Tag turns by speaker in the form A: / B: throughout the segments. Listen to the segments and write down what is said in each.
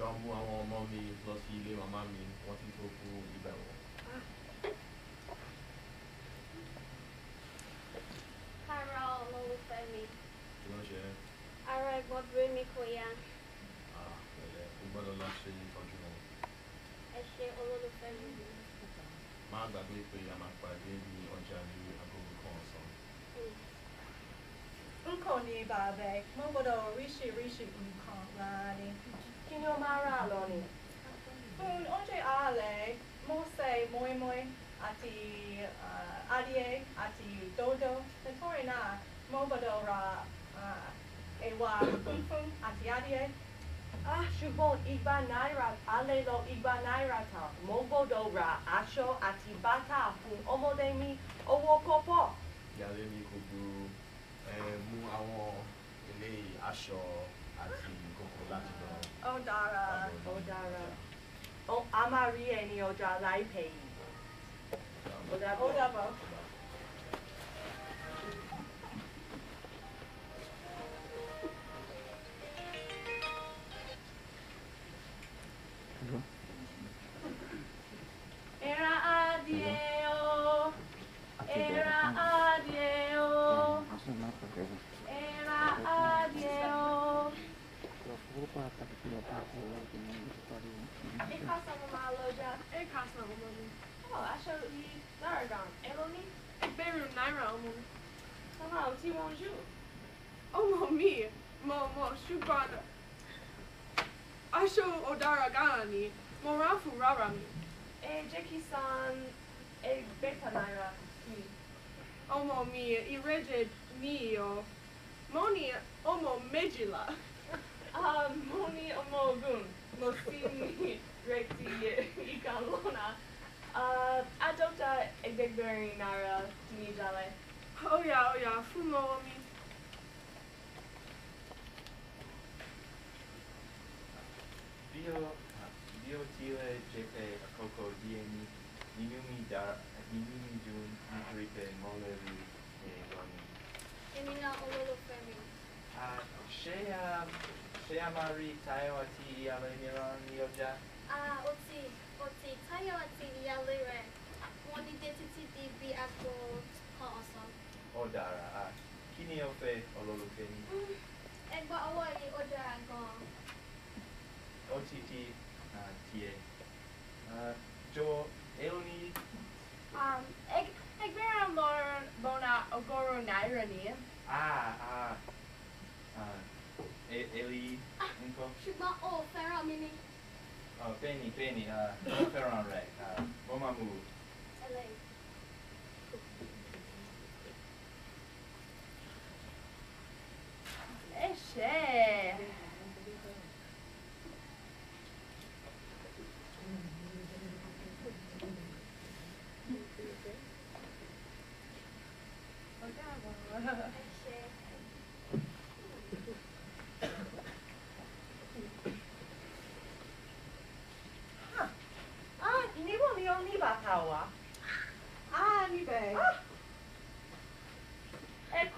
A: jọ mú àwọn ọmọ mi lọ sí ilé màmá mi wọ́n ti tó kú ibẹ̀ wọ̀. ara olólùfẹ́ mi. kí ló ń ṣe é. ara ẹ̀gbọ́n bíi mi kò yá. pẹ̀lẹ́ o gbọ́dọ̀ lọ ṣe ìtọ́jú wọn. ẹ ṣe olólùfẹ́ a máa pàdé ní ọjà ní o Mara a ati ati dodo e na 兩年，佢安住阿你，摩西妹妹，阿弟啊阿弟阿弟多多，你當然啦，冇不到啦啊，誒話分分阿弟阿弟。Ah, ṣùgbọ́n igba náírà alẹ́ lọ igba náírà tà mọ́gbọ́dọ̀ ra aṣọ àti bàtà fún ọmọdé mi 我来了，我来了，我阿妈在那边，我来陪，我来陪。Kasma umumi. Oh, I showed you Naradon. Naira umumi. Hello, ti bonjour. Umumi. Mo mo shubana. Asho odara gani. Morafu rarami. E eh, jeki-san e eh, beta naira mi. Omo mi ireje mio. Moni omo oh, mejila. Ah, moni oh, omo gun. Mo si mi John Luna. Uh, adopta uh, Egbegberi Nara Dinijale. Oh yeah, oh yeah, Fumo mi. Bio, bio tile jepe akoko diemi, ninumi dar, ninumi jun, nikurite molevi e goni. Emina ololo femi. Ah, shea, shea mari tayo ati ale miran yoja. Ah, uh, oti. But Táyọ̀ àti ìyáálé rẹ̀ wọ́n ní dé títí di bí aago kan ọ̀sán. Ó dára a kí ni ọ̀fẹ́ ọlọ́lọ́fẹ́ ni. Mm, Ẹgbà ọwọ́ yìí ó dára gan-an. Ó ti di tiẹ̀. Jọ̀wọ́ ẹ ó ní. Um, Ẹgbẹ̀rún lọ́nà ọgọ́rùn-ún náírà ni. Ah. Oh, Penny, Penny, uh, Ferran Rec, uh, Bomamu. Esce! Oh,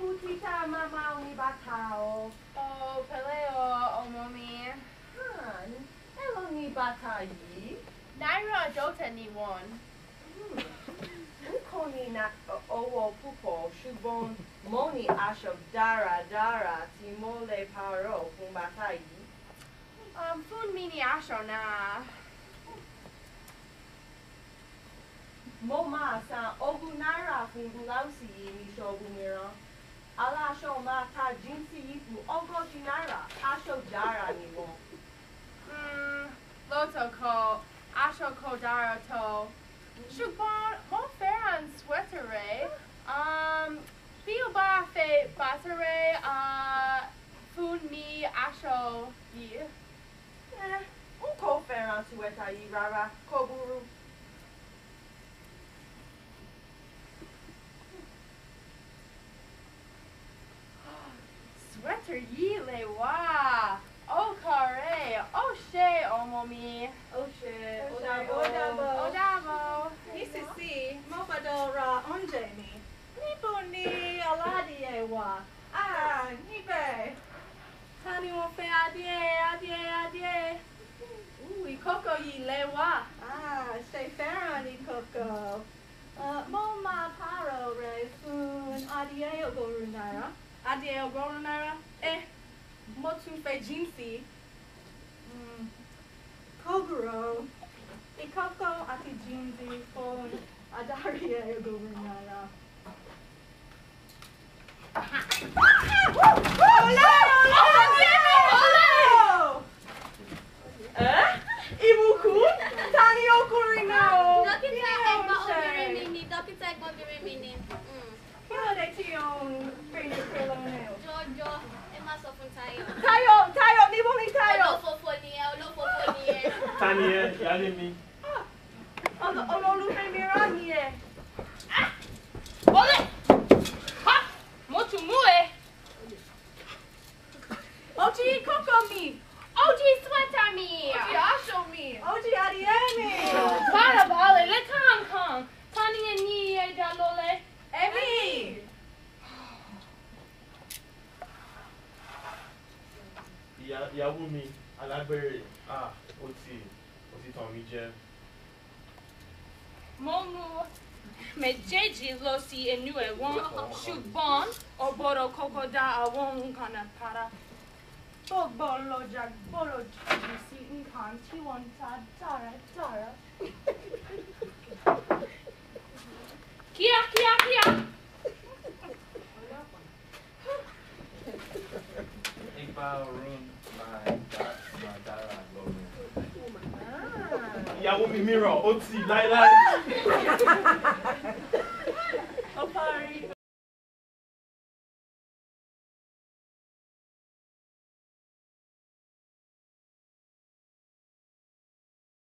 A: kłótnica mama unibatao. O oh, peleo oh, mommy. Han, elo ni batai. Naira dota ni won. Ukoni na uh, owo pupo shubon moni asho dara dara timole paro pumbatai. Um, fun mini asho na. Mo ma sa ogunara kung gulausi ni shogun mira aláṣọ máa ta jíǹsì yìí fún ọgọ́jì náírà dára ni wọn. Hmm, lóòótọ́ kọ́ asho kò dára tó ṣùgbọ́n mo fẹ́ràn sweater rẹ̀ um, bí o bá fẹ́ bàtẹ́rẹ̀ uh, fún ní aṣọ yìí. Eh, n kò fẹ́ràn sweater yìí rárá kò Wetter ye le wa. O kare, o she omomi. O she, o dabo, o dabo, Nisisi, mobado ra onje mi. Niponi aladie wa. Ah, nipe, Tani mo fe adie, adie, adie. Ooh, i koko yi le wa. Ah, she feran i koko. Uh, mo ma paro re fun adie o adìẹ ọgọ́rùn-ún náírà ẹ eh, mo tún fẹ́ jíǹsì hmm. kọ́gùrọ̀ ìkọ́kọ́ àti jíǹsì fún adarí ẹgbẹ̀rún náírà. mìíràn nìyẹn ìyáálé mi. olólùfẹ́ mìíràn nìyẹn. me. mo tún mú e. ojú kókó mi ojú sweater mi. ojú aṣọ mi. ojú adìyẹ mi. bára balẹ̀ lẹ́kànkàn tani ẹ̀ ní ah ó ti. What's he talking me, Jeb? lo si losi enue won shubon koko da awon kana para. Bobo lojak si jisi ti won ta tara tara. Kia kia kia. mirror ó tì láíláí. ó